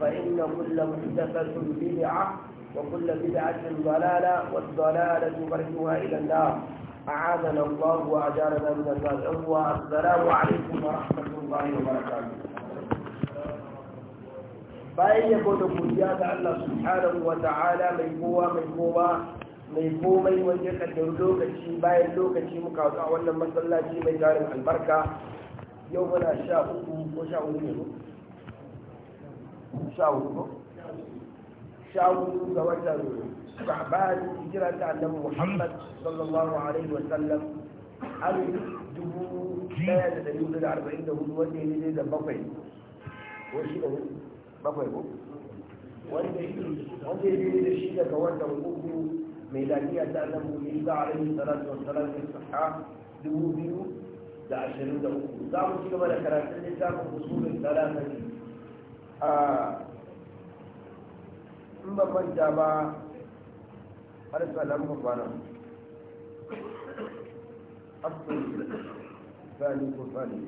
فإن كل محدثة بدعة وكل بدعة ضلالة والضلالة مرجوها إلى النار أعاذنا الله وأجارنا من النار والسلام عليكم ورحمة الله وبركاته bayan yabo da godiya ga Allah subhanahu wa ta'ala mai kowa mai kowa mai komai wanda kaddar lokaci bayan lokaci muka a wannan masallaci mai tarin albarka yau muna sha uku ko sha uku ne sha hudu ko sha ga watan sha'ban hijira ta annabi muhammad sallallahu alaihi wa sallam alif dubu daya da dari hudu da arba'in da hudu wanda ya ne da bakwai ko shi da bakwai ko wanda ya ne da shi daga watan uku mai lafiya ta annabi isa alaihi salatu wa salam ya saha dubu biyu da ashirin da uku za mu ci gaba da karatun littafin usulun talata ne a in ba manta ba har salamu bana afirka sani ko sani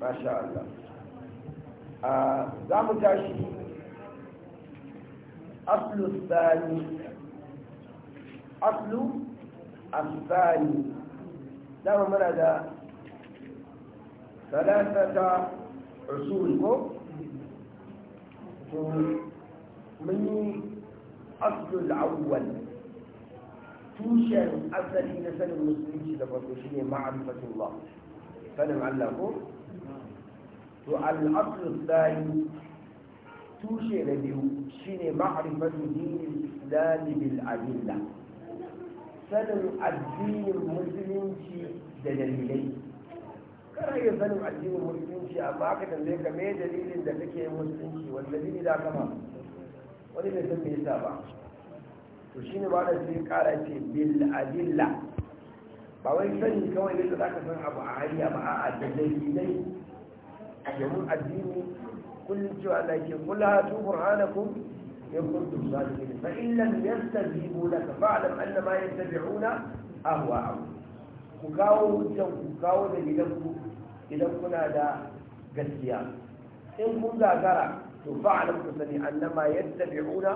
ba ah, za mu tashi aslus أصل الثاني دام من هذا ثلاثة أصول من أصل الأول توشن أصل نسل المسلمين تفضل معرفة الله فلم علقوا وعلى الأصل الثاني توشن شيني معرفة دين الإسلام بالأدلة sanin addinin musulunci da dalilai kana iya sanin addinin musulunci amma aka tambaye ka me dalilin da kake yin musulunci wani dalili za ka ba wani bai san me yasa ba to shine ba da sai kara ce bil adilla ba wai sani kawai yadda za ka san abu a hanya ba a da dalilai domin addini kullum cewa da ke kula tu burhanakum إن كنتم صادقين فإن لم يستجيبوا لك فاعلم أن ما يتبعون أهواءهم kukawo hujjan ku kawo da gidanku idan kuna da gaskiya in kun gagara to fa'alan ku sani annama yattabi'una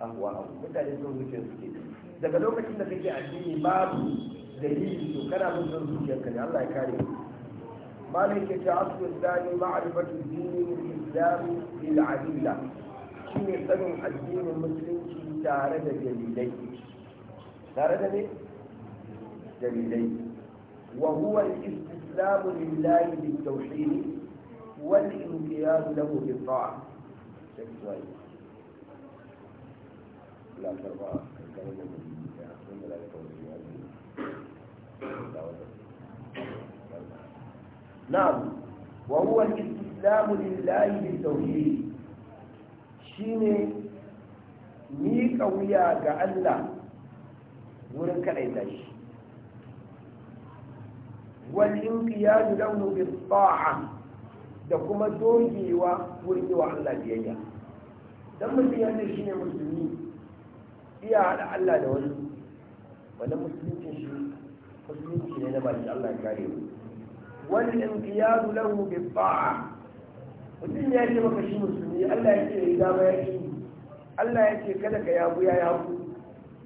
ahwa aw mutane sun wuce suke daga lokacin da kake addini babu dalili to kana mun san zuciyar ka ne Allah ya kare ku malai ke ta asu da ma'rifatu dini shi ne tsarin addinin musulunci tare da dalilai tare da ne dalilai wa huwa al-istislam lillahi bit-tauhid wal inqiyad lahu bit-ta'ah sai لا ترضى الكلمة من ذلك نعم وهو الاستسلام لله بالتوحيد shine miƙa wuya ga allah wurin kaɗaita shi والانقياد له بالطاعة da kuma dogewa wurin yi wa Allah biyayya dan mutum yanda shi ne musulmi iya haɗa Allah da wani wani musulunci shi musulmi ne na baki Allah ya kare mu wal inqiyadu lahu bi ta'a mutum ya ce maka shi musulmi Allah ya ce ya dama ya ce Allah ya ce kada ka yabu ya yabu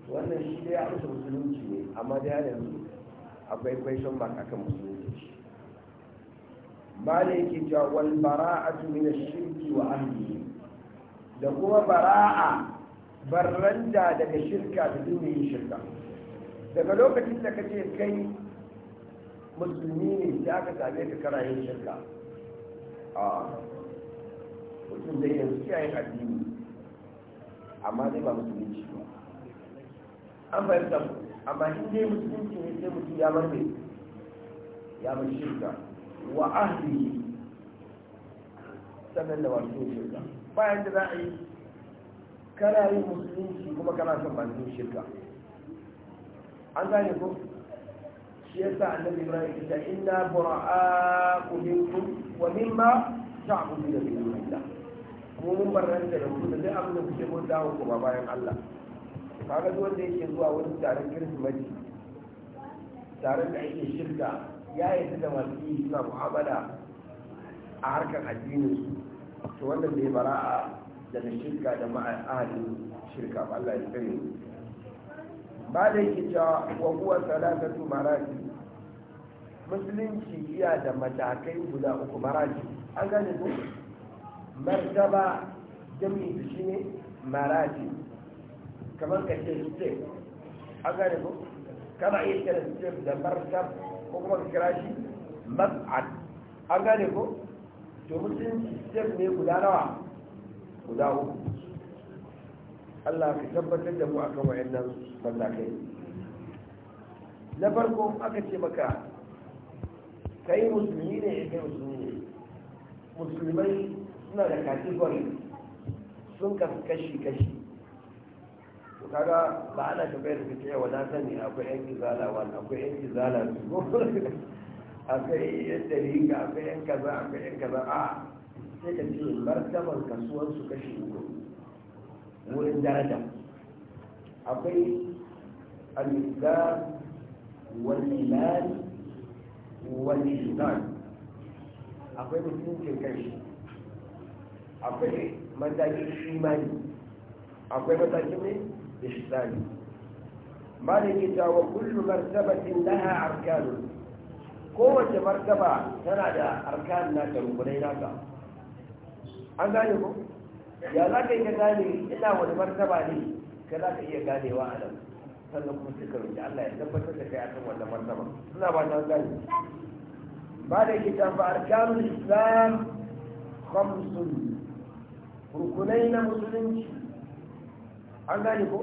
wannan shi dai amsa musulunci ne amma dai har yanzu akwai question mark akan musulunci ba da yake cewa wal bara'atu min ash-shirki wa ahlihi da kuma bara'a barranta daga shirka da duniyar shirka daga lokacin da kace kai musulmi ne ya ka same ka kana yin shirka a ah. mutum zai yanzu kiyaye addini amma zai ba musulunci ba an fahimta amma in dai musulunci ne sai mutum ya bar mai ya bar shirka wa ahlihi sannan da wasu shirka bayan da za a yi kana yin musulunci kuma kana son bakin shirka an gane ko shi ya sa annabi ibrahim ya ce inna bura'a'u minkum wa mimma da min dunillah mu mun bar ran da ku da duk abin da kuke mun dawo kuma bayan Allah kaga duk wanda yake zuwa wani taron kirsimati taron da yake shirka ya yi da masu yi suna mu'amala a harkar addinin su to wanda bai bara'a daga shirka da ma'ahalin shirka ba Allah ya kare ba da yake cewa wa huwa salatatu marati musulunci iya da matakai guda uku marati an gane ko martaba jami shi ne maraji kamar ka ce step an gane ko kama iya kira step da martab ko kuma ka kira shi mab'ad an gane ko to musulunci step ne guda nawa guda uku Allah ka tabbatar da mu akan wayannan matakai na farko aka ce maka kai musulmi ne ya kai musulmi ne musulmai suna da category sun kasu kashi-kashi su kaga ba ana tafiya da kace yawa na sani akwai yan kizala wani akwai yan kizala su akwai yan dalika akwai yan kaza akwai yan kaza a sai ka ce martaban kasuwansu kashi uku wurin daraja akwai al wani wal wani wal akwai mutuncin kashi. akwai matakin shimani akwai matakin ne ishtani maliki ta wa kullu martabatin laha arkanu kowace martaba tana da arkan na ta rukunai naka an gane ko ya za ka iya gane ina wani martaba ne ka za ka iya ganewa a nan sannan kuma suka roƙi Allah ya tabbatar da kai a kan wannan martaba suna ba ta gane ba da ke tafi arkanun islam khamsun rukunai na musulunci an gane ko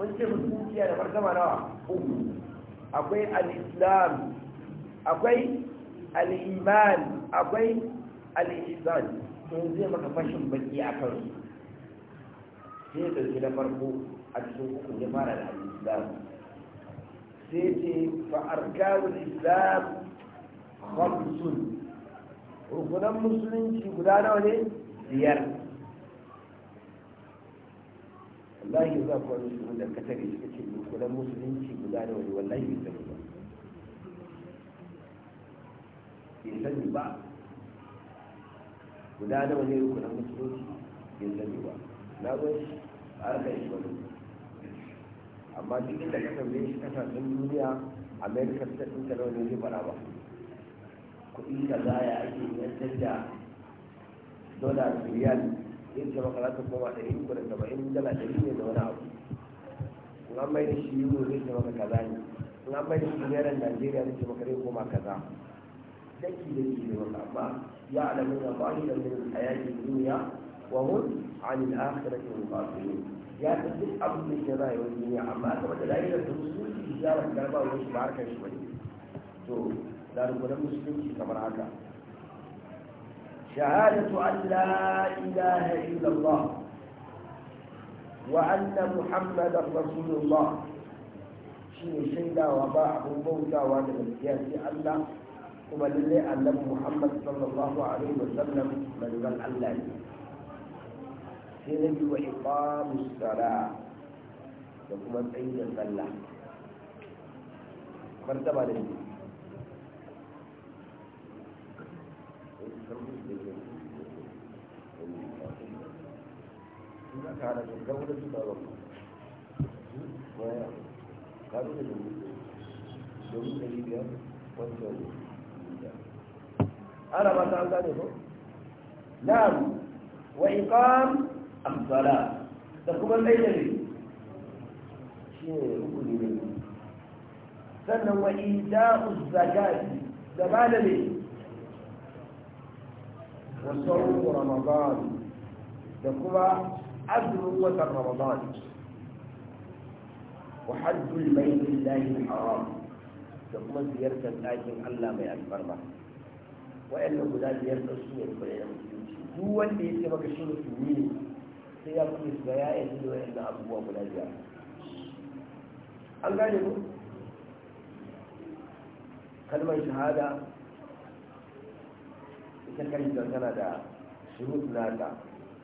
mun ce musulunci da martaba nawa uku akwai al-islam akwai al-iman akwai al-ihsan to zai maka fashin baki a kan sai da su na farko a cikin uku ya fara da al-islam sai ce fa arkawul islam khamsun rukunan musulunci guda nawa ne biyar wallahi za ku wani shugaban da ka tare shi kace kudan musulunci guda da wani wallahi bai ba bai sani ba guda da wani rukunan musulunci bai sani ba na zo shi a raka shi wani amma duk inda ka tambaye shi kasashen duniya amerika ta tsinka da wani zai fara ba kuɗi kaza ya ake yantar da dola da riyal yin ce maka za ta koma ɗari uku da saba'in dala da ne da wani abu in an mai da shi euro zai ce kaza ne in an mai da shi yaran najeriya zai ce kare kuma koma kaza daki da ne maka amma ya alamu na ba shi da min hayati duniya wa hun an al'akhirati muqatilun ya ta duk abin da ke rayuwar duniya amma kuma da lahirar da su su ji jarar garba wani shi ba harkar shi bane to da rukunan musulunci kamar haka شهادة أن لا إله إلا الله وأن محمدا رسول الله شيء شيدا وباع موتا وأنا الله kuma lallai annabi muhammad sallallahu alaihi wa sallam manzon allah ne sai na biyu wa iqamu sala da kuma tsayin sallah martaba da biyu ana ba ta an da kuma laila ne shi ne rukuni ne sannan wai ita'u zakati da ba da ne وصوم رمضان تكون عدل رمضان وحد البيت الله الحرام تكون زيارة الله الله ما يكبر به وإن لا زيارة السنة يدخل هو اللي يسمك شنو تقول سيقول سبايا يدل وإن أبواب لا زيارة الله يقول كلمة شهادة ita kanta tana da na ta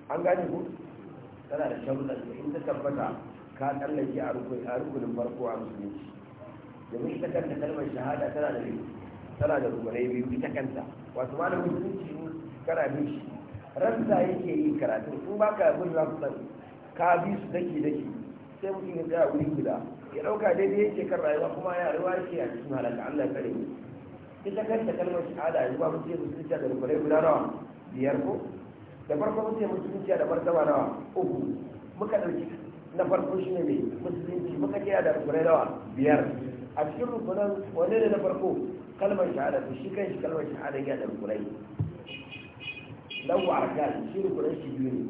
an gane ku tana da sharuɗa in ta tabbata ka tsallake a rukunin farko a musulunci domin ita kanta kalmar shahada tana da tana da rukunai biyu ita kanta wasu ma da musulunci kana bin shi ranta yake yi karatu in ba ka bin za ka bi su daki daki sai mutum ya tsaya wuri guda ya ɗauka daidai yake kan rayuwa kuma ya rayuwa yake a cikin halaka allah ya kare mu ita kanta kalmar shahada yanzu ba mutum ya musulunci da rukunai guda nawa biyar ko da farko mutum ya musulunci da martaba nawa uku muka ɗauki na farko shi ne mai musulunci muka kira da rukunai nawa biyar a cikin rukunan wanne ne na farko kalmar shahada to shi kan shi kalmar shahada ya da rukunai lawa arkan shi rukunan shi biyu ne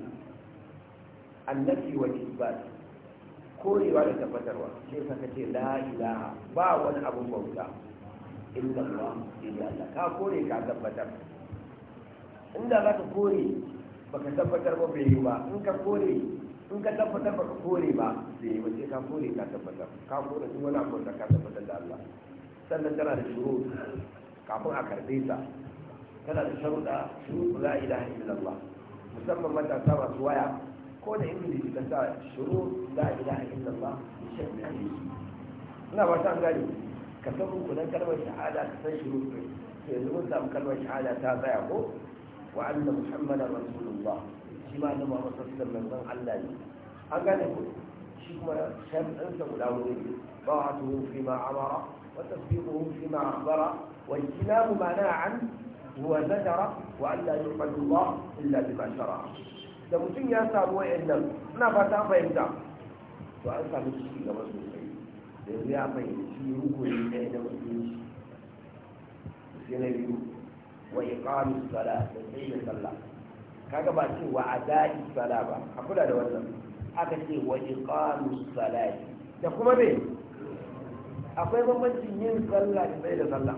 annabi wa isbat korewa da tabbatarwa sai saka ce la ilaha ba wani abun bauta inda Allah sai Allah ka kore ka tabbatar inda za ka kore ba ka tabbatar ba bai yi ba in ka kore in ka tabbatar ka kore ba bai yi ba sai ka kore ka tabbatar ka kore duk wani abu da ka tabbatar da Allah sannan tana da shuru kafin a karbe ta tana da sharuɗa shuru la ilaha illallah musamman matasa masu waya ko da ingilishi ka sa shuru la ilaha illallah shi ne ina ba ta gani كتبوا كل كلمة شهادة تشهدوا في الأولى كلمة شهادة تابعه وأن محمد رسول الله شما لما رسول من الله على لي أقل يقول شما شم أنت ملاوذي طاعته فيما أمر وتصديقه فيما أخبر واجتناب مناعا نهى عنه هو ذكر وأن لا يحمد الله إلا بما شرع لو تنيا صار وإن نفتا فإن دام وأنت من الشيء yanzu ya fahimci rukuni ɗaya da musulunci sai na biyu wa iqamu sala da sai da sallah kaga ba ce wa adai sala ba a kula da wannan aka ce wa iqamu sala da kuma me akwai bambancin yin sallah da sai da sallah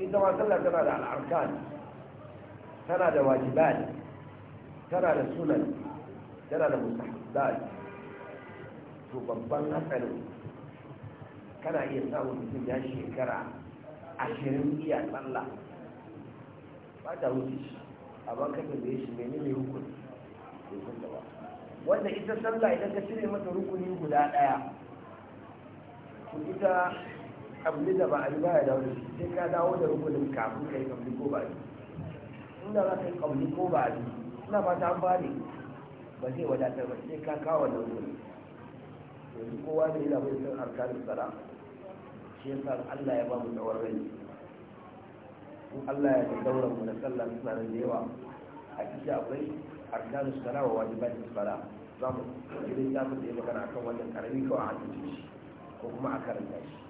ita ma sallah tana da al'arkan tana da wajibat tana da sunan tana da mustahabbat to babban hatsarin kana iya samun mutum ya shekara ashirin iya tsalla ba ta wuce shi a bankan da ya shi mene ne rukuni rukun da ba wanda ita sallah idan ka cire mata rukuni guda ɗaya to ita kabli da ba a yi ba ya dawo shi sai ka dawo da rukunin kafin ka yi kabli ko ba a yi inda za ka yi kabli ko ba a yi ina ba ta an ba ne ba zai wadatar ba sai ka kawo da rukunin. yanzu kowa da yana bai san arkanin tsara shi sa Allah ya ba mu tsawon rai in Allah ya daura mu da sallah tsara da yawa a cikin akwai arkanin tsara wa wajibatin tsara za mu idan da mu yi magana kan wannan karami kawai a cikin shi ko kuma a karanta shi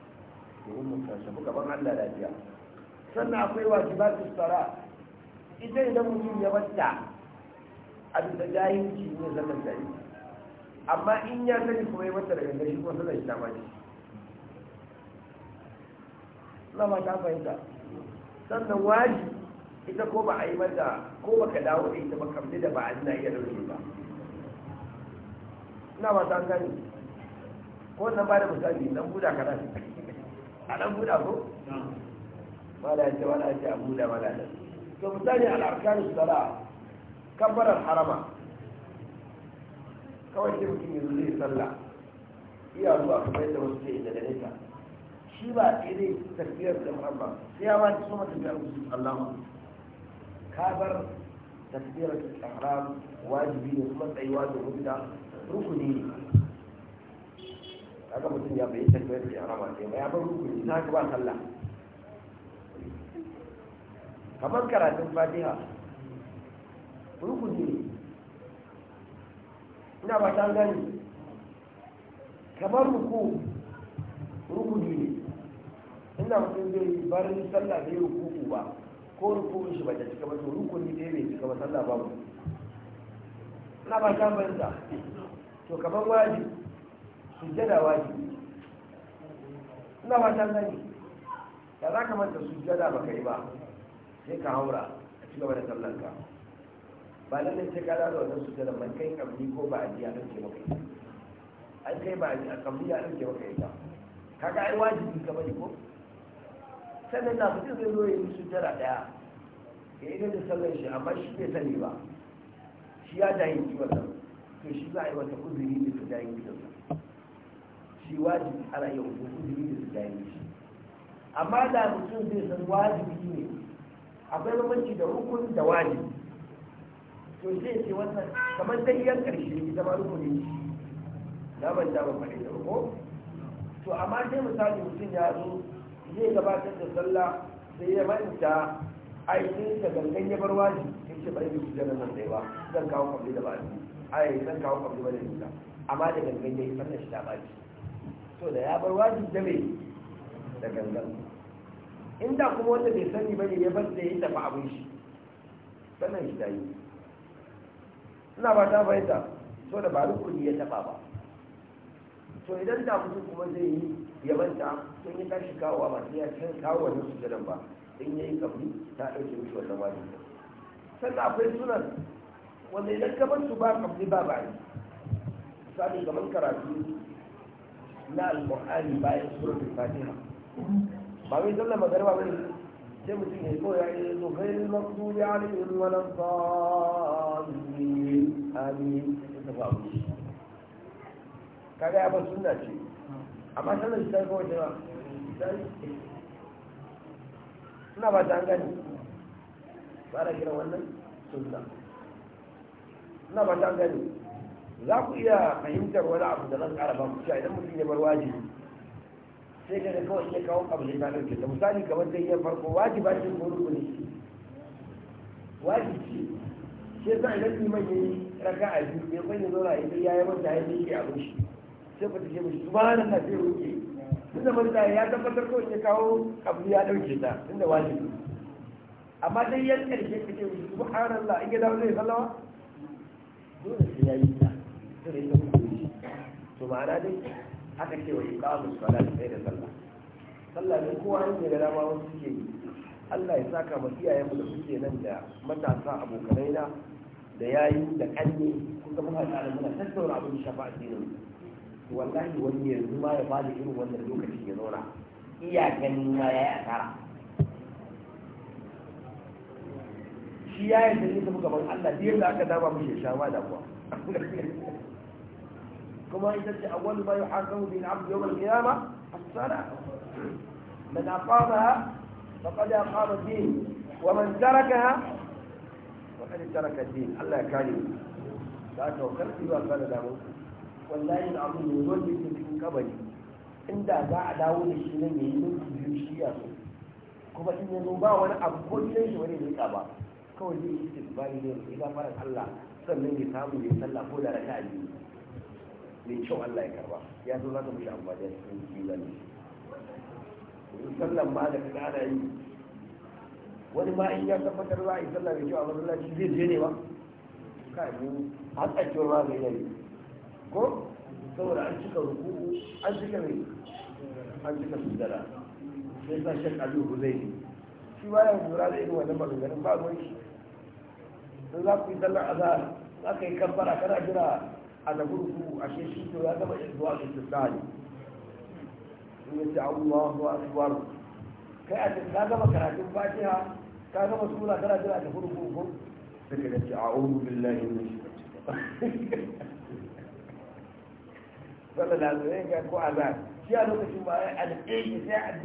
domin mu kansa gaban Allah lafiya sannan akwai wajibatin sala ita idan mutum ya batta a bisa jahilci ne zaman jahilci amma in ya sani kuma ya mata daga gashi kuma suna shi maji lama ta fahimta sannan waji ita ko ba a yi mata ko ba ka dawo da ita ba kamni da ba a na iya dauke ba ina ba ta gani ko na ba da misali dan buda kana a nan buda ko ba da ce ba da ce a buda ba da ce to misali al'arkanin sala kabbarar harama kawai sai mutum yanzu zai sallah iya zuwa bai da wasu ke daga nesa shi ba a tsere tafiyar da ba sai ya wani soma tafiyar musu allama ka bar tafiyar ihram wajibi ne kuma tsayuwa da hujja rukuni ne kaga mutum ya bai tafiyar ihram sai ba ya bar rukuni na ka ba sallah kamar karatun fatiha rukuni ne ina ba ta gani kamar ruku ruku ne ina mutum zai yi barin sallah yi ruku ba ko ruku shi ba ta cika ba to ruku ne bai cika ba sallah ba ina ba ta banza to kamar waji jada waji ina ba ta gani da za ka manta jada ba ka yi ba sai ka haura a ba da sallanka ba na ce kada da wannan sutura man kai kabli ko ba a ji a ɗauke maka ita an kai ba a ji a kabli a ɗauke maka ita kaga ai wajibi ka bari ko sannan na mutum zai zo ya yi sutura ɗaya ya yi da sallan shi amma shi bai sani ba shi ya jahilci wannan to shi za a yi wata kuzuri da su jahilci shi wajibi ana iya kuzuri da su jahilci amma da mutum zai san wajibi ne akwai bambanci da hukun da wajibi to zai ce wannan kamar ta iya ƙarshe ita ma rukuni na ban da ban faɗi da ko to amma sai misali mutum ya zo zai gabatar da sallah sai ya manta aikin sa gangan ya bar waje ya ce bari bisu da nan da yawa zan kawo kwamfi da bani ai zan kawo kwamfi ba da nisa amma da gangan ya yi sannan shi ta baci to da ya bar waje da mai da gangan da kuma wanda bai sani ba ne ya bar da ya tafi abin shi sannan shi ta yi ina ba ta fahimta so da ba rukuni ya taba ba to idan da mutum kuma zai yi yabanta sun yi tashi kawowa ba sai ya cikin kawo su gidan ba in yi kabri ta ɗauke mishi wannan wajibi sannan akwai sunan wanda idan ka su ba kafin ba ba ne misali kamar karatu na alƙur'ani bayan suratul fatiha ba wai magana ba ne. sai mutum ya koya ya zo gairin makdu ya alimin wani zalimin amin ta ba abu kaga ya ba sunna ce amma sanar shi kawai ba ta gani ba da kira wannan sunna suna ba ta gani za ku iya fahimtar wani abu da nan ƙara mu ku cewa idan mutum ya bar wajibi sai ka ga kawai kawo ta ɗauke ta misali kamar farko sai yi raka a biyu ya kwanye ya ya sai ce na roƙe tun da ya tabbatar kawai ya kawo ya ɗauke ta tun da wajibi amma dai yan ƙarshe ka ce dole sai ya yi ta sai ya to ma'ana dai haka ke wa iqamu salat sai da sallah sallah ne kowa yake da dama wasu suke yi Allah ya saka mu iyayen mu da suke nan da matasa abokanai na da yayi da kanne kun ga muna tare muna tattauna abin shafa to wallahi wani yanzu ma ya bada irin wannan lokacin ya zauna iya ganin ma ya yi asara shi ya da ni ta gaban Allah biyar da aka dama mu ya sha da kuwa كما يجد أول ما يحاكم به العبد يوم القيامة الصلاة من أقامها فقد أقام الدين ومن تركها فقد ترك الدين الله كريم لا توكلت إلا قال داود والله العظيم يمجد في الكبد عند باع داود الشلمي يمجد من شياطه كما إن يضبع وأنا أقول شيء ولي ذكابا كما يجب استقبالي إذا فرق الله سمعني سامي يسلى كل ركعتي mai kyau Allah ya karba ya zo za ka mishi cikin sallan ma da yi wani ma in ya tabbatar za a yi sallah mai kyau a masallaci zai je ne ba kai mu ma ko saboda an cika ruku'u an cika mai an cika sujjada sai sa shek shi ba ya lura da irin wannan maganganun ba ruwan shi in za ku yi sallar za ka yi kana jira a tafi ruku a shi ya taba zuwa kai a karatun Fatiha sura ko sai ka billahi da ga ko azan shi a lokacin ba sai a yi zai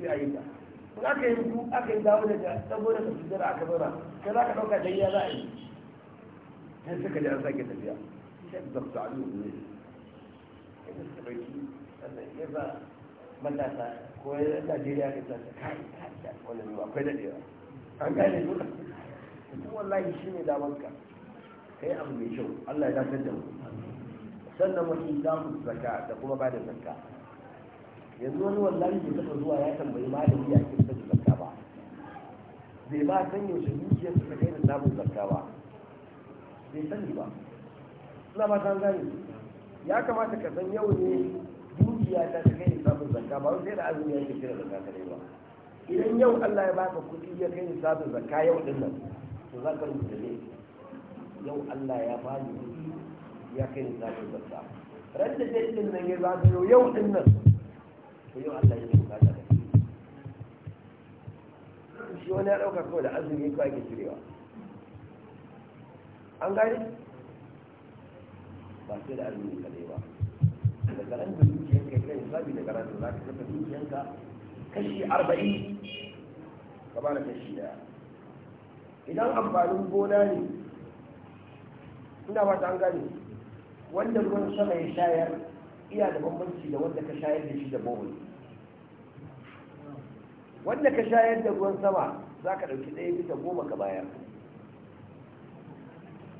sai a yi ta aka yi aka yi dawo daga saboda ka fitar aka bara sai za ka ɗauka da ya za a yi sai suka ji an sake tafiya shadda su alu ne yadda suka baki sannan ya ba matasa ko ya najeriya ka sa kai kai wannan yiwa akwai dadewa an gane dole mutum wallahi shi ne wanka. kai abu mai kyau allah ya dakatar da mu sannan wani zamu zaka da kuma ba da zakka yanzu wani wallahi bai taɓa zuwa ya tambayi malami ya ke da zakka ba bai ba san yaushe dukiyar ta kai da samun zakka ba bai sani ba suna ba ta gani ya kamata ka san yau ne dukiya ta ta kai sabon zakka ba sai da azumi yake kira zakka kare ba idan yau Allah ya baka kuɗi ya kai sabon zakka yau din nan to za ka rubuta ne yau Allah ya ba ni kuɗi ya kai sabon zakka ran da dai din nan ya ba yau yau din nan to yau Allah ya bukata da shi wani ya ɗauka kawai da azumi cirewa an gani ba sai da azumi kadai ba da karanta dukiyanka kai sabi da karanta za ka kasa ka kashi arba'in ka da kashi daya idan amfanin gona ne ina ba ta an gane wanda ruwan sama ya shayar iya da bambanci da wanda ka shayar da shi da bohol wanda ka shayar da ruwan sama za ka ɗauki ɗaya bisa goma ka bayar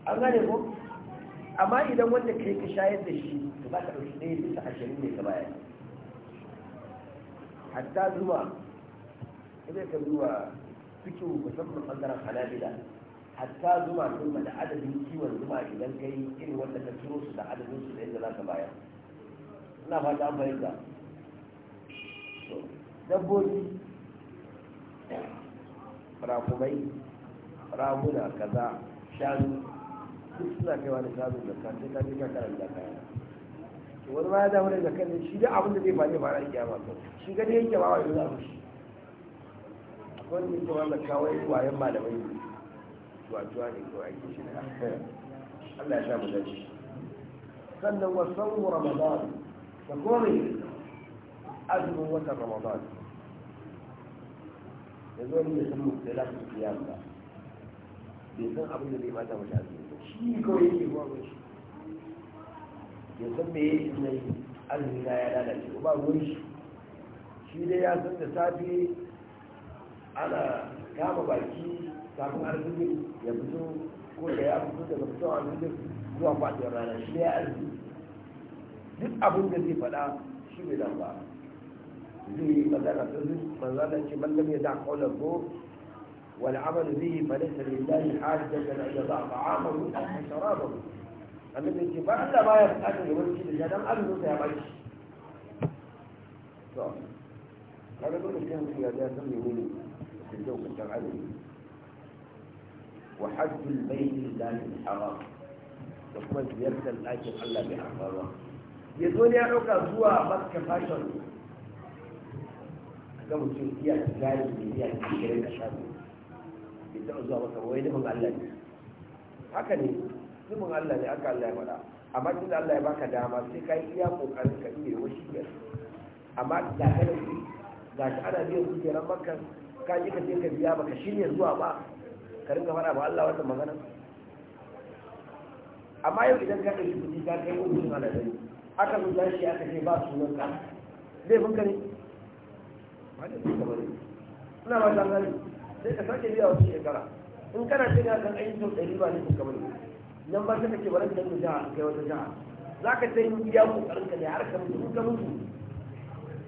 an gane ko amma idan wanda kai ka shayar da shi to ba ka ɗauki ɗaya bisa ashirin ne ka baya hatta zuwa idan ka zuwa fikin musamman ɓangaren halabila hatta zuma sun da adadin kiwon zuma idan ka yi irin wanda ka ciro su da adadin su da yadda za ka baya ina fata an fahimta dabbobi rafumai ramuna kaza shanu duk suna kaiwa da sabon zakka sai ka je ka karanta kaya to wani ma ya damu da zakkan ne shi da abin da zai ba zai fara kiyama ba shi gani yake ba wani zamu shi akwai wani yake wanda kawai wayan malamai ne tuwa-tuwa ne ko ake shi da Allah ya sa mu dace sannan wasan ramadan da kome azumin watan ramadan yanzu wani ya san mutu da lafi kiyama bai san abin da zai mata mashi azumi shi ne kawai yake ruwa mai shi ya san me yake mai azumi na ya lalace ba ruwan shi shi dai ya san da safe ana kama baki kafin arziki ya fito ko da ya fito daga fito a cikin zuwa kwaɗin rana shi ya arziki duk abin da zai faɗa shi bai nan ba zai yi magana ta zai manzana ce mallam ya da kaular ko والعمل به فليس لله حاجة أن يضع طعامه أو وشرابه أما الانتفاع إلا ما يفتحه لوجه الله لم أبنه سيبعش هذا كل شيء في هذا كم يقول في الجو الشرعي وحج البيت لله الحرام وكما يرسل الأجر الله بأحرامه يقول يا عكا زوا مكة فاشل كم تشوف فيها تجارب فيها كثيرة شابه bai taɓa zuwa maka wai nufin Allah ne haka ne nufin Allah ne aka Allah ya faɗa amma tun Allah ya baka dama sai ka yi iya kokarin ka iya wasu biyar amma da ka nufi ga shi ana biyan kujeran maka ka ji ka je ka biya baka shirya zuwa ba ka ringa faɗa ba Allah wannan magana amma yau idan ka ɗauki kuɗi ka kai Allah aladari aka zo shi aka ce ba sunan ka laifin ka ne ba da suka bane ina ba zan gani sai ka sake biya wasu shekara in kana cin kan sau ɗari ba ne kuka bane nan ba sai kake barin da jaha kai wata jaha za ka ta yi iya kokarin ka ne har ka mutu ka mutu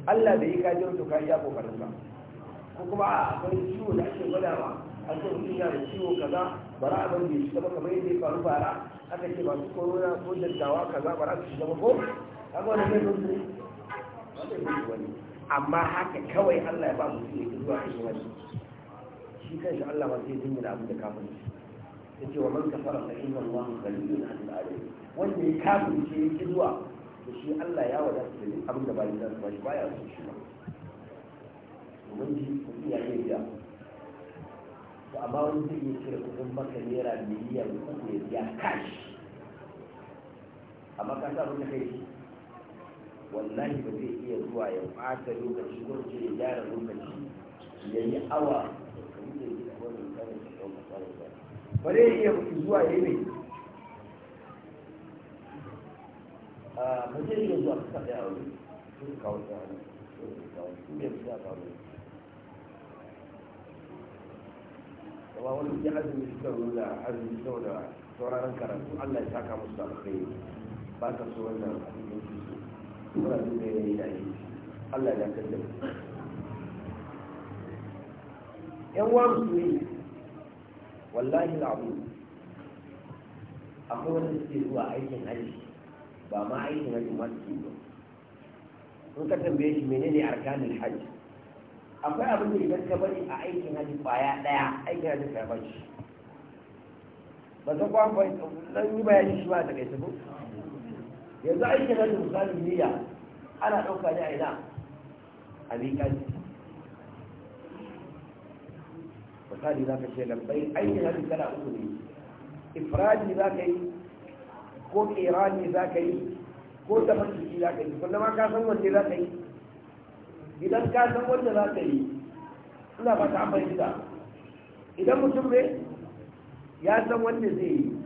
Allah bai yi ka jiro to ka iya kokarin ka ko kuma akwai ciwo da ake gwadawa a ce mutum yana da ciwo kaza bara a bari shi gaba kamar yadda ya faru bara aka ce masu korona ko daddawa kaza bara su shiga ko amma wani zai mutu ne amma haka kawai Allah ya ba mutum ya zuwa cikin wani shi shi Allah ba zai jingina abin da kafirci ce wa man kafara fa inna Allahu ghaniyyun 'anil 'alamin wanda ya shi yake zuwa to shi Allah ya wada su da abin da bai da ba shi baya su shi ba mun ji kun iya yi da to amma wani zai iya cire kudin maka naira miliyan uku ya biya cash amma ka sa abin da kai shi wallahi ba zai iya zuwa ya ɓata lokaci ko ya gyara lokaci ya yi awa ba zai iya zuwa ya yi ba zai iya zuwa ta ɗaya wani sun kawo ta hannu sun kawo su ne su ta kama wani ya azumi ka nuna azumi saboda sauraron karatu allah ya saka musu alkhairi ba ka so wannan abin da su suna zuwa yi da yi allah ya kaddara yan wa ne wallahi abu akwai wanda suke zuwa aikin hajji ba ma aikin hajji ma suke ba in ka tambaye shi menene arkanin hajji akwai abin da idan ka bari a aikin hajji kwaya daya aikin hajji ka bari ba zan kwan bai nan yi bayani shi ba da kai ba yanzu aikin hajji misali niyya ana dauka ne a ina a miƙanci misali za ka ce lambai aiki hajji tana uku ne ifradi za ka yi ko kirani za ka yi ko tafarki za ka yi kullum ka san wanda za ka yi idan ka san wanda za ka yi ina ba ta amfani da idan mutum ne ya san wanda zai yi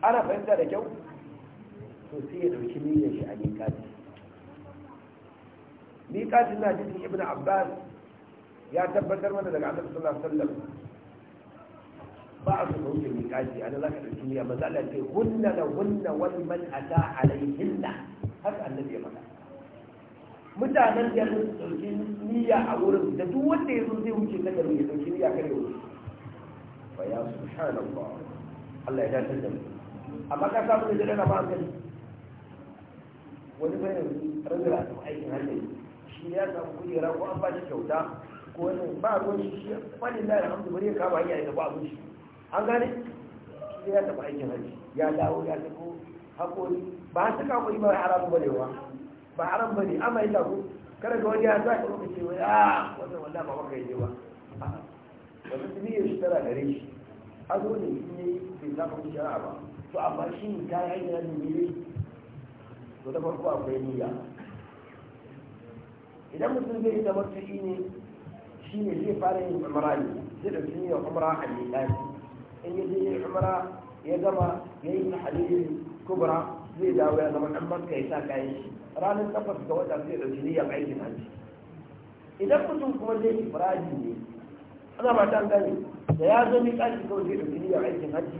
ana fahimta da kyau to sai ya dauki niyyar shi a miƙati miƙati na jikin ibn abbas ya tabbatar mana daga annabi sallallahu alaihi wasallam ba su kauce mai kaji ana za ka ɗauki niyya maza Allah ce hunna da hunna wani man ata alaihinna haka annabi ya faɗa mutanen da sun ɗauki niyya a wurin da duk wanda ya zo zai wuce ta da ya ɗauki niyya kare wuce fa ya subhanallah Allah ya dace da mu amma ka samu da dana ba hankali wani bayan ranar da aikin hankali shi ya samu kujera ko an ba shi kyauta Wani ba ruwan shi shi wani na alhamdu bari ya kama hanya da tafi abin shi an gane sai ya tafi aikin hajji ya dawo ya tafi hakori ba ta su kakuri ba haramu bane wa ba haram bane amma ita ku kada ga wani ya za ka rufe ce wai ah wannan wannan ba maka yaje ba wani tuni ya shitara gare shi an zo ne in yi bai saka mu shara ba to amma shi ne ta yi hanyar da ne to da farko akwai niyya idan mutum zai zama tushi ne shi ne zai fara yin umra ne zai da sun yi umra a miƙati in yi yin yi umra ya gama ya yi halilin kubra zai dawo ya zama ɗan makka ya sa kayan shi ranar takwas ga wata zai ɗauki niyyar aikin hajji idan mutum kuma zai yi ifradi ne ana ba ta gane da ya zo miƙati kawai zai ɗauki niyyar aikin hajji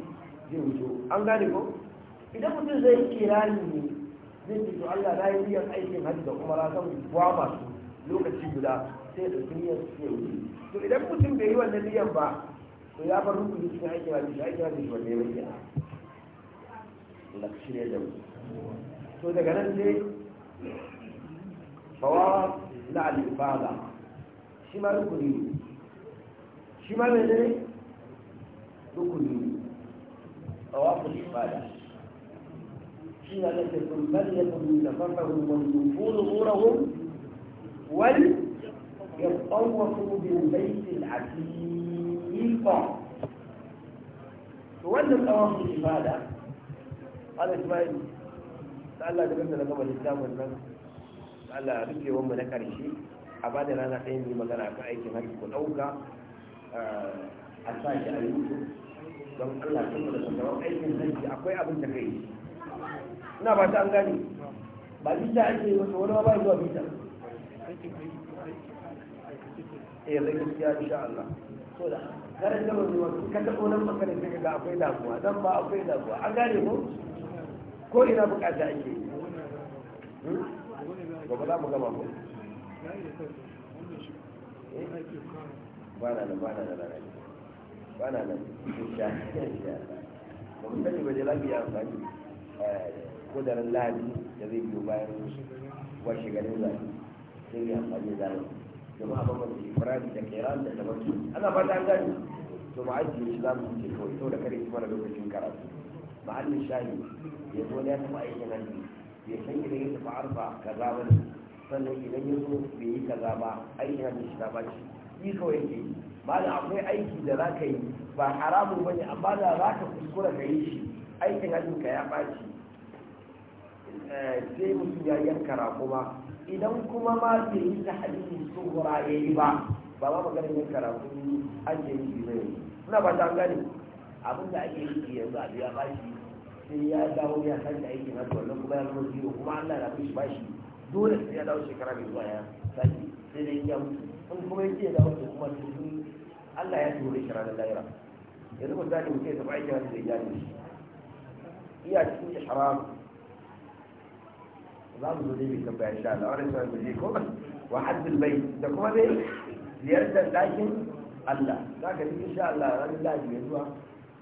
zai wuce an gane ko idan mutum zai yi kirani ne zai ce to Allah na yi niyyar aikin hajji da kuma rasan kwa masu lokaci guda sai da duniyar su ya wuce to idan mutum bai yi wannan niyan ba to ya bar rukuni cikin aiki hajji shi aikin hajji wanda ya bayyana Allah ne da mu to daga nan sai bawa na al shi ma rukuni shi ma ne rukuni bawa al-ibada حين لك البلية من تفرهم والنفور غورهم وال يطوفوا بالبيت العتيق wannan tsawon ibada ala ismail da Allah da ganda na gama littafin nan da Allah ya rike mu na karshe a bada rana ɗaya ne magana kan aikin hajji ku ɗauka a sa shi a yi don Allah sun da sassarwar aikin hajji akwai abin da kai ina ba ta an gane ba bisa ake masa wani ba zuwa bisa Eh, yarda gaskiya insha Allah so da karin da wani wasu ka taɓo nan makarin daga ga akwai damuwa nan ba akwai damuwa an gane ko ko ina bukata ake hmm? ba za mu gaba ko ba na da ba na da insha Allah ba mu sani ba da lafiya amfani eh, ko da ran lahadi da zai biyo bayan washe garin zafi sai ya amfani da zalunci domin a bambanta ifirani da kiran da tabbatu ana fata an gani to mu ajiye shi za mu ce kawai saboda kare su mana lokacin karatu ma'allin shahi ya zo ya tafi nan hannu Ya san idan ya tafi arfa kaza ba ne sannan idan ya zo bai yi kaza ba aiki aikin hannu shi ta baci yi kawai yake yi ba da akwai aiki da za ka yi ba haramun ba ne amma da za ka kuskura ka yi shi aikin hannun ka ya ɓaci eh, sai mutum ya yanka rakuma idan kuma ma bai yi ta hadisi tsohura ya yi ba ba ma ganin yin karatu ake yi zai suna ba ta gani abin da ake yi yanzu a biya shi sai ya dawo ya san da aiki na wannan kuma ya zama zero kuma Allah na fi shi shi dole sai ya dawo shekara mai zuwa ya sani sai dai ya mutu in kuma yake ce ya dawo kuma sun Allah ya tura shi ranar lahira yanzu ba za ta mutu ya tafi aikin da ya gane shi iya cikin ihram za mu zo dai mai tambaya insha Allah wannan sai mu je ko wa haddul bai da kuma dai ziyartar dakin Allah za ka ji insha Allah ran lafi mai zuwa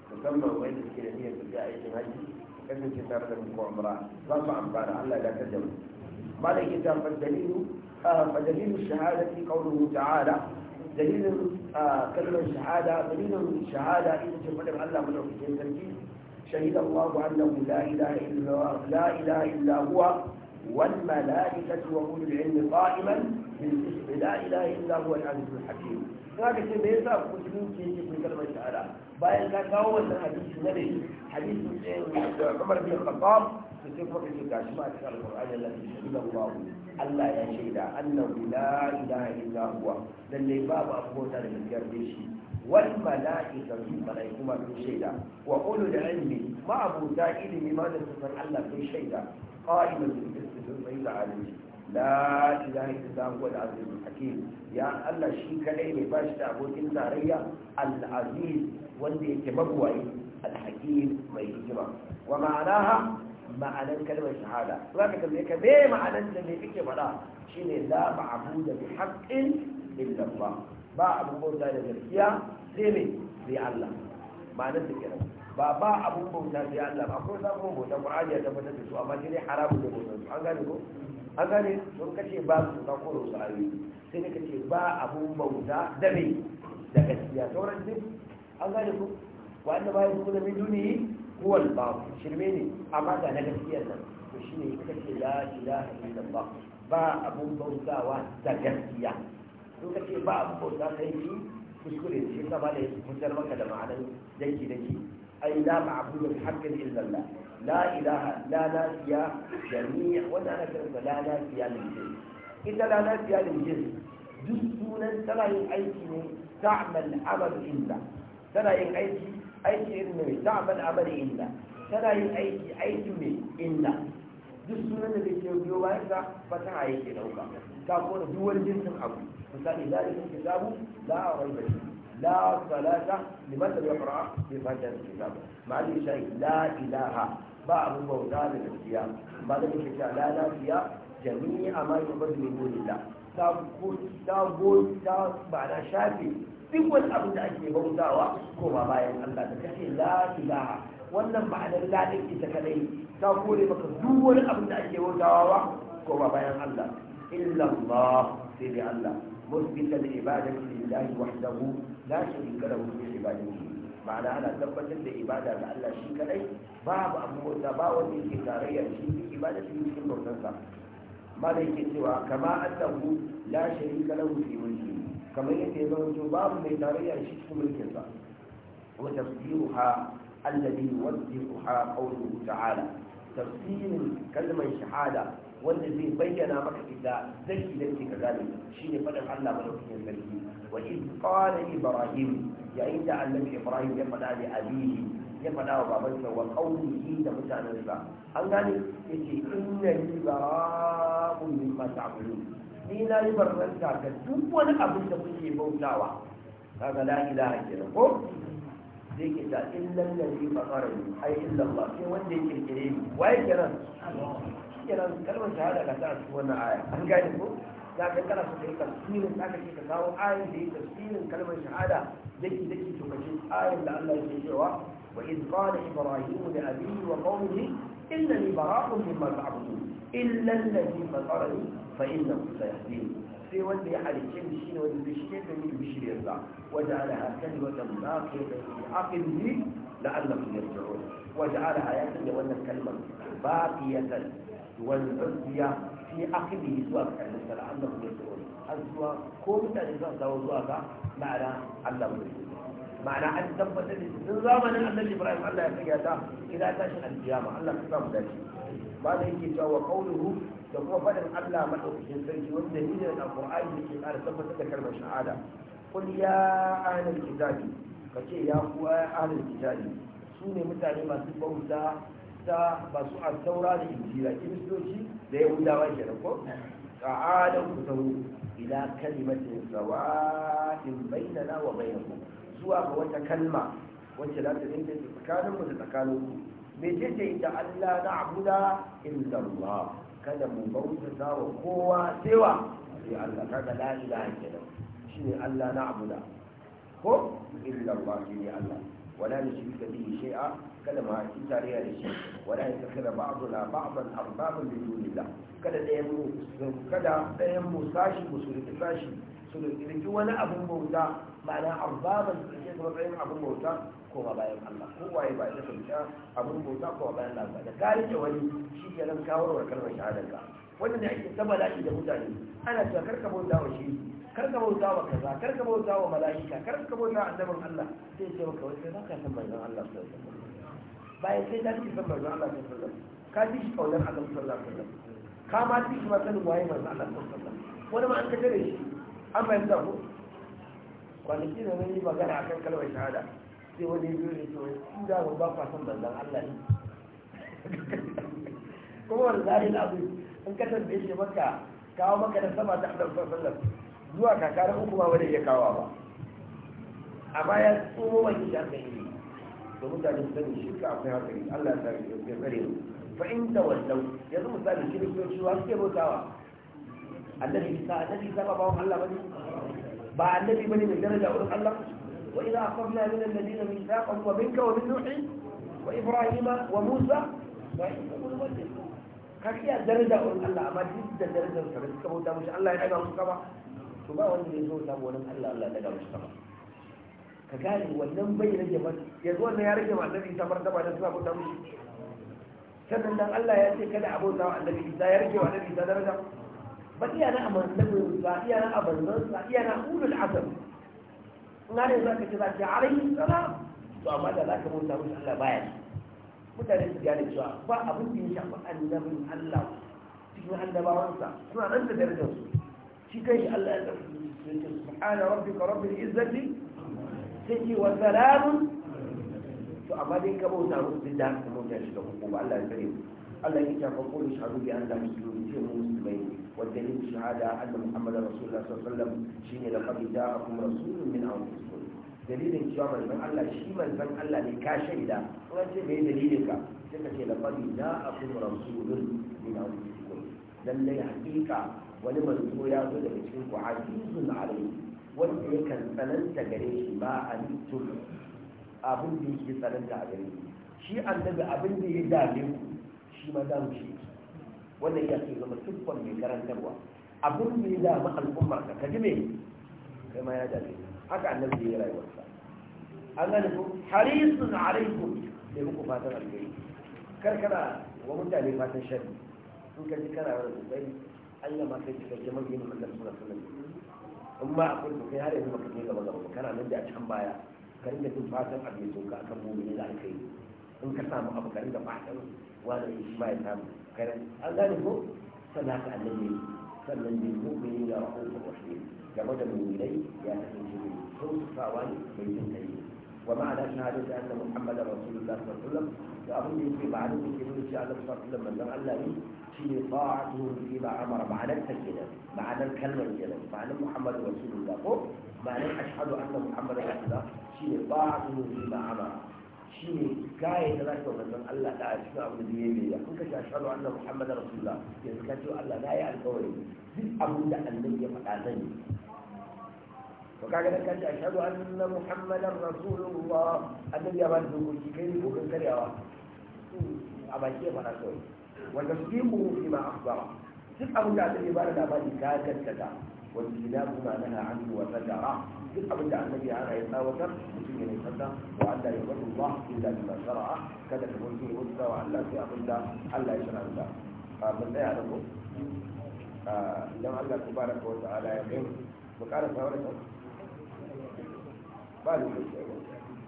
musamman wanda suke da niyyar tafiya aikin haji kasance tare da mu umra za su amfana Allah ya dakatar da mu malam ya ta dalilu فدليل الشهادة قوله تعالى دليل كلمة الشهادة دليل الشهادة إذا تقدم الله من أوفيه شهد الله أنه لا إله إلا لا إله إلا هو والملائكة وأولو العلم قائما بالقسط لا إله إلا هو العزيز الحكيم kaga ce me yasa musulunci yake kun kalmar shahada bayan ka kawo wannan hadisi na dai hadisi ne da Umar bin Khattab to sai kuma kace gashi ma cikin Al-Qur'ani Allah ya shaida Allah Allah ya shaida annahu la ilaha babu da da shi wal mala'ikatu malaiku ma sun shaida wa ulul ilmi ma abuta ilimi ma da sun Allah sun shaida qa'iman bil qist sun sai da alim la ilaha illa huwa al aziz hakim ya Allah shi kadai ne bashi da abokin tarayya al aziz wanda yake magwayi al mai hikima wa ma'anaha ma'anar kalmar shahada za ka kalle ka ma'anar da me kake faɗa shine la ma'budu bi haqqin illa Allah ba abun bauta da gaskiya sai ne sai Allah nan da kira ba ba abun bauta sai Allah ba ko za mu bauta Qur'ani ya tabbatar da su amma shi ne haramun da bauta su an gane ko an gane sun kace ba su ka koro su ayi sai ne kace ba abun bauta da me da gaskiya sauran duk an gane ko wanda ba ya zuwa da biduni huwa al-batil shirme ne amma ga na gaskiyar nan to shine kace la ilaha illallah ba abun bautawa da gaskiya lokaci ba abu bauta yi shi kuskure shi ta ba da fitar maka da ma'anar danki danki ai la ma'budu bi haqqin illa Allah la ilaha la nafiya jami'a wannan ana kiransa la nafiya lil jins ita la nafiya lil jins duk sunan tana yin aiki ne ta'mal amal illa tana yin aiki aiki irin mai ta'mal amal illa tana yin aiki aiki mai illa duk sunan da ke biyo bayan sa fata yake dauka ta kona duk wani jinsin abu misali zalikin kitabu la raiba لا صلاة لمن لم يقرأ بفاتحة الكتاب مع شيء لا إله بعض موضع للصيام بعد الكتاب لا نافية جميع ما يعبد من دون الله تقول معنى شافي duk wani abin da ake bautawa koma bayan Allah da kace la wannan ma'anar la din kadai ta kore maka duk wani abin da ake bautawa koma bayan Allah illa Allah sai dai Allah مثبتا لعبادته لله وحده لا شريك له في عبادته ma'ana ana tabbatar da ibada ga Allah shi kadai babu abu da ba wanda yake tarayya shi bi ibada shi cikin bautar sa mala yake cewa kama annahu la sharika lahu fi mulki kamar yadda ya zanto babu mai tarayya shi cikin mulkin sa wa tafsiruha alladhi yuwaddihuha qawluhu ta'ala tafsirin kalmar shahada wanda zai bayyana maka ita zaki da ke Shi ne faɗin Allah madaukakin sarki wa in qala ibrahim yayin da annabi ibrahim ya faɗa da abihi ya faɗa wa babansa wa qaumihi da mutanensa an gane yace inna li bara'un mimma ta'malun ni na yi barranta ga duk wani abin da kuke bautawa kaga la ilaha illallah ko zai ke da illan da zai fasara ai illallah sai wanda ya kirkire ni waye kiran nan kalmar shahada ka ta cikin wannan aya an gane ko za ka kana so kai tafsirin za ka ce ka kawo ayin da yake tafsirin kalmar shahada dake dake to kace ayin da Allah yake cewa wa id qala ibrahim li abihi wa qawmihi innani bara'un mimma ta'budun illa alladhi fatarani fa innahu sayahdini sai wanda ya halicce ni shine wanda zai shige da ni bishiriyar sa wanda ala hakani wa dan baqi da ni aqilni la'allahu yarji'un wanda ala hayatin da wannan kalmar baqiyatan wal'uziya fi akhdi zuwa ga Allah sallallahu alaihi wasallam zuwa ko mutane zuwa dawo zuwa ga ma'ana Allah ma'ana an tabbata ne sun zamanin annabi Ibrahim Allah ya kiyata ta ila tashin al-qiyama Allah ka samu dace ba zai yake cewa qawluhu da kuma fadin Allah madaukakin sarki wanda ni ne alqur'ani yake kara tabbata da kalmar shahada qul ya ahlul kitabi kace ya ku ahlul kitabi su ne mutane masu bauta ta an asaura da injila kiristoci da yahudawa ke da ko ta'adan ku tawo ila kalimatin sawa'in bainana wa bainakum zuwa ga wata kalma wacce za ta dinga tsakanin mu da tsakanin ku me ce ce da Allah na abuda illa Allah kada mu bauta wa kowa sai wa sai Allah kada la ilaha illallah shine Allah na abuda ko illa Allah shine Allah ولا نشرك به شيئا kada ma haƙi tarayya da shi wala ya kada ba'duna ba'dan arbaban min dunillah kada da yamu kada da yamu sashi musulmi sashi su riki wani abun bauta ma'ana arbaban su ke kuma abun bauta ko ba bayan Allah ko waye ba ya kanta abun bauta ko ba bayan Allah da ka rike shi ke nan kawarwar kalmar shahadar ka ne ake tabala shi da mutane ana cewa karka bauta wa shi kar ka bauta wa kaza kar ka bauta wa mala'ika kar ka bauta annabin Allah sai ce maka wai sai ka san manzon Allah sallallahu alaihi bayan sai ta fi san manzon Allah sallallahu alaihi ka ji shi kaunar Allah sallallahu alaihi wasallam ka ma ji shi ma sanin waye manzon Allah sallallahu alaihi wasallam wani ma an ka tare shi an bayan da ku kwanaki da mun yi magana akan kalmar shahada sai wani biyu ne to su da ba ka san manzon Allah ne kuma wani wallahi abu in ka tambaye shi maka kawo maka da sama da Allah sallallahu alaihi zuwa kakar uku ma wadda ya kawo ba a baya tsoro mai shi aka yi da mutane su sani shirka akwai hankali allah ta yi ya tsare mu fa in da wannan yanzu misali shiristoci wa suke bautawa annabi isa annabi isa ba bawan allah bane ba annabi bane mai daraja wurin allah wa idza aqamna min alladina mithaqan wa minka wa min nuhi wa ibrahima wa musa wa isa ibn maryam kafiya daraja wurin allah amma duk da darajar sa da suka bauta mushi allah ya daga musu kaba to ba wanda ya zo samu wani Allah Allah daga musu sama ka gane wannan bai rage ba yanzu wannan ya rage ma annabi isa martaba da suna bauta mu sannan dan Allah ya ce kada abu wa annabi isa ya rage wa annabi isa daraja ba iya na amannabi ba iya na abanzan ba iya na ulul azam na ne za ka ce za ka alaihi salam to amma da za ka bauta mushi Allah baya mutane su gane cewa ba abin da ya shafi annabin Allah cikin annabawansa suna nan da su. shi kai Allah ya tafi subhana rabbika rabbil izzati sai wa salamun to amma dai ka bauta musu da haka mun a shiga hukuma Allah ya kare mu Allah ya tafi ko ni shahadu bi anna muslimin ce mu musulmai والدليل شهادة أن محمد رسول الله صلى الله عليه da شين لقد جاءكم رسول min أنفسكم dalilin cewa manzon Allah shi manzon Allah ne ka shaida kuma ce me dalilin ka sai ka ce laqad ja'akum rasulun min anfusikum lalle hakika wani manzo ya zo daga cikin ku azizun alai wanda ya kan tsananta gare shi ba antum abin da yake tsananta a gare shi shi annabi abin da ya dame ku shi ma za mu shi wannan ya ce zama siffar mai karantarwa abin da ya dama al'ummar ka kaji me kai ma ya dame haka annabi ya rayuwarsa an gane ku harisun alaikum sai muku fatan alheri kar kana wa mutane fatan sharri in ka ji kana wani sosai. hanya ma kai jama'a mafi yin annabi suna sunan in ma akwai to kai har yanzu baka je gaba gaba kana nan da a can baya ka rinka jin fatan abu ya soka akan ne za ka yi in ka samu abu ka rinka fatan wani ya shi ma ya samu an gane ko sannan haka annabi sannan ne mumini da rahotun rahim game da muminai ya kasance ne sun fawa wani mai jin kai ومعنى شهادة أن محمد رسول الله صلى الله عليه أظن في معلومة كده إن شاء الله صار لما الله في طاعته في ما معنى التكلة معنى الكلمة الجنة معنى محمد رسول الله فو معنى أشهد أن محمد رسول الله في طاعته في ما أمر شيء كاي تلاش من الله قال لي أسمع من ديني كنت أشهد أن محمد رسول الله يعني كنت أقول لا يا الكوري في أبو ده النبي فقاتني وكذا أشهد أن محمد رسول الله أن يبدو كيف يكون a baki ya fara kawai wanda su yi mu fi ma akhbara duk abin da annabi ba da labari ta gaskata wanda ina kuma na nana an wa sadara duk abin da annabi ya ana ya tsawatar mutum ya nisanta wa Allah ya bari Allah illa bima shara'a kada ka mutu ya wuce wa Allah sai abin da Allah ya shara'a a mun tsaya da ko idan Allah tabaraka wa ta'ala ya kai mu ƙara tsawar da ba da shi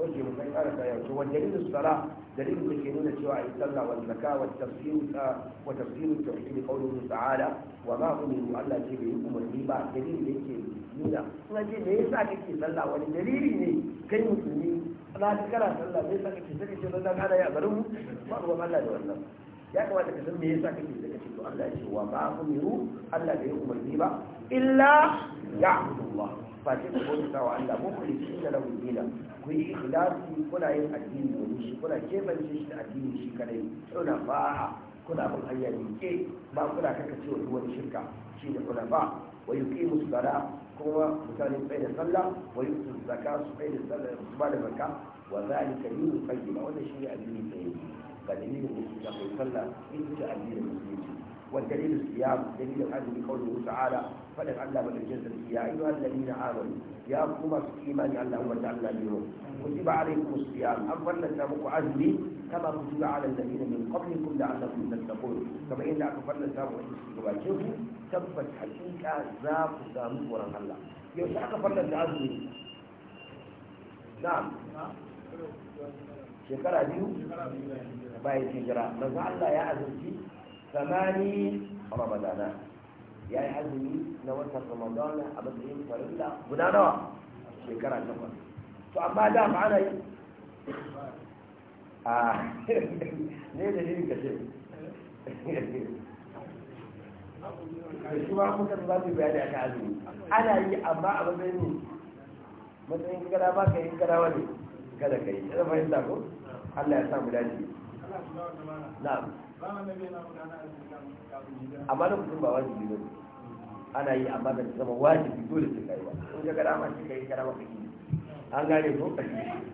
kulle mu kai ƙara tsaya to wanda yin sala dalilin da ke nuna cewa ai sallah wal zakka wa tafsiru ta wa tafsiru tauhid qawluhu ta'ala wa ma umiru Allah ce bai umarni ba dalilin da yake nuna kuma ce me yasa kake sallah wani dalili ne kai musulmi na kana sallah me yasa kake saka ce sallah kana ya garin mu ba ruwan Allah da wannan ya kamata ka san me yasa kake da kace Allah ya ce wa ba ma umiru Allah bai umarni ba illa ya'budullah fa ce ku bauta wa Allah ku mukhlishin lahu dinan ku yi ikhlasi kuna yin addini domin shi kuna kebance shi da addini shi kadai kuna ba kuna bin hanya ne ke ba kuna kakace wa wani shirka shi da kuna ba wa yuqimu salata kuma mutane tsaye da sallah wa yuqtu zakata su tsaye da sallah su ba da zakka wa zalika dinu qayyim wannan shi ne addini tsaye ga dalilin musulunci akwai sallah in ta addinin musulunci والدليل الصيام دليل الحج بقوله تعالى فلك ألا بالجزة يا أيها الذين آمنوا يا أقوم إيمان أن هو جعلنا منهم كتب عليكم الصيام أفضل لكم عزلي كما كتب على الذين من قبلكم لعلكم تتقون كما إن أفضل لكم عزلي تبت حقيقة ذاك سامي ورن الله يوشك أفضل لعزلي نعم نعم shekara biyu bayan hijira manzo Allah ya azurci samani ramadana ya yi azumi na watan ramadana a matsayin farilla guda nawa shekara takwas to amma da ba ana yi a ne da ne ka ce kashe shi ma kuka za su bayani a kan azumi ana yi amma a matsayin matsayin kada ba ka yi kada wani kada ka yi kada fahimta ko Allah ya samu dace na'am amma da kutum ba wajibi ba ana yi amma da zama wajibi dole sai kai ba in ga dama shi kai kana maka yi an gane ko kai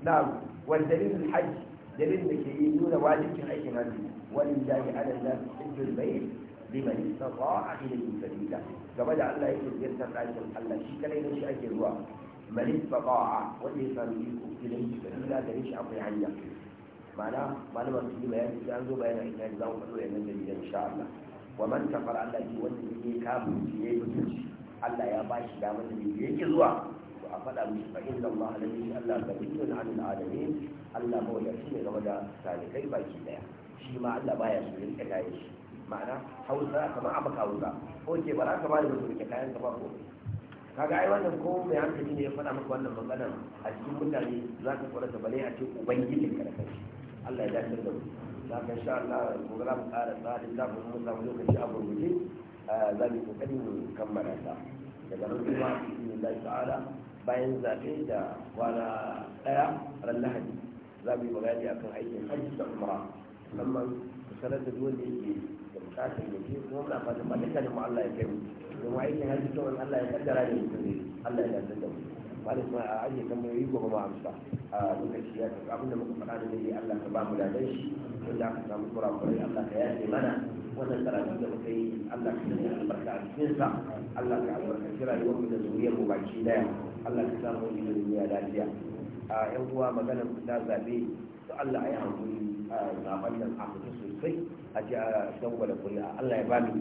na'am wal dalilul hajj dalilin da ke yi nuna wajibin aikin hajji wal jahi ala nas hajjul bayt liman istata'a ilayhi sabila game da Allah yake ziyartar ɗakin Allah shi kadai ne shi ake ruwa. man istata'a wanda ya samu iko ilayhi sabila da shi akwai hanya ma'ana malama su yi bayani sai zo bayan ina ne za mu faɗo yanzu da gidan insha Allah wa man kafara Allah ke wanda yi kafin shi yayi mutunci Allah ya bashi damar da yake zuwa to a faɗa mishi fa inna Allah alladhi Allah kabirun hannun alamin Allah shi ne game da salikai baki daya shi ma Allah baya so rinka kayan shi ma'ana hausa kamar a abu hausa ko ke ba za ka ba da mutum ke kayan ka ba ko kaga ai wannan ko mai hankali ne ya faɗa maka wannan maganar a cikin mutane za ka kwarata bale a ce ubangijin ka da kai Allah ya dace da mu na kan sha Allah gobe za mu ƙara tsarin za mu samu samu lokaci a gurguje za mu kokari mu kammala ta daga nan kuma in da bismillah ala bayan zabe da kwana ɗaya ran lahadi za mu yi magani akan aikin hajji da umra musamman sanar da duwanda yake da bukatar yake kuma muna fatan ba dukkanin mu Allah ya kai mu domin aikin hajji to Allah ya kaddara ne mutum Allah ya dace da mu malam ma a ajiye tambayoyi gobe ba amsa a lokaci ya tafi abinda muka faɗa da dai Allah ka ba mu ladan shi wanda aka samu kurakurai Allah ka yafe mana wannan karatu da muka yi Allah ka sanya albarka a cikin sa Allah ka albarkaci rayuwar mu da zuriyar mu baki daya Allah ka samu mu da duniya lafiya a yan uwa maganar ku ta zabe to Allah ya hankuri a zaben nan a mutu sosai a ji a dangwala kuri'a Allah ya ba mu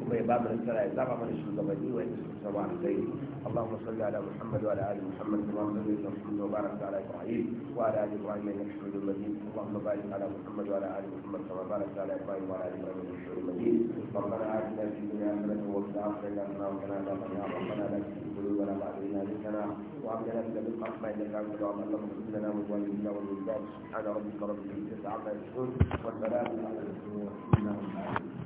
kuma ya bamu nasara ya zaba mana shugabanni wa yadda suka sama alkhairi اللهم صل على محمد وعلى ال محمد كما صليت وسلمت وبارك على ابراهيم وعلى ال ابراهيم انك حميد مجيد اللهم بارك على محمد وعلى ال محمد كما باركت على ابراهيم وعلى ال ابراهيم انك حميد مجيد ربنا اتنا في الدنيا حسنه وفي الاخره حسنه وقنا عذاب النار ربنا لا تزغ قلوبنا بعد إذ هديتنا وهب لنا من لدنك رحمه انك انت الوهاب اللهم اغفر لنا ولوالدينا وللباب سبحان ربك رب العزه عما يصفون والسلام على المرسلين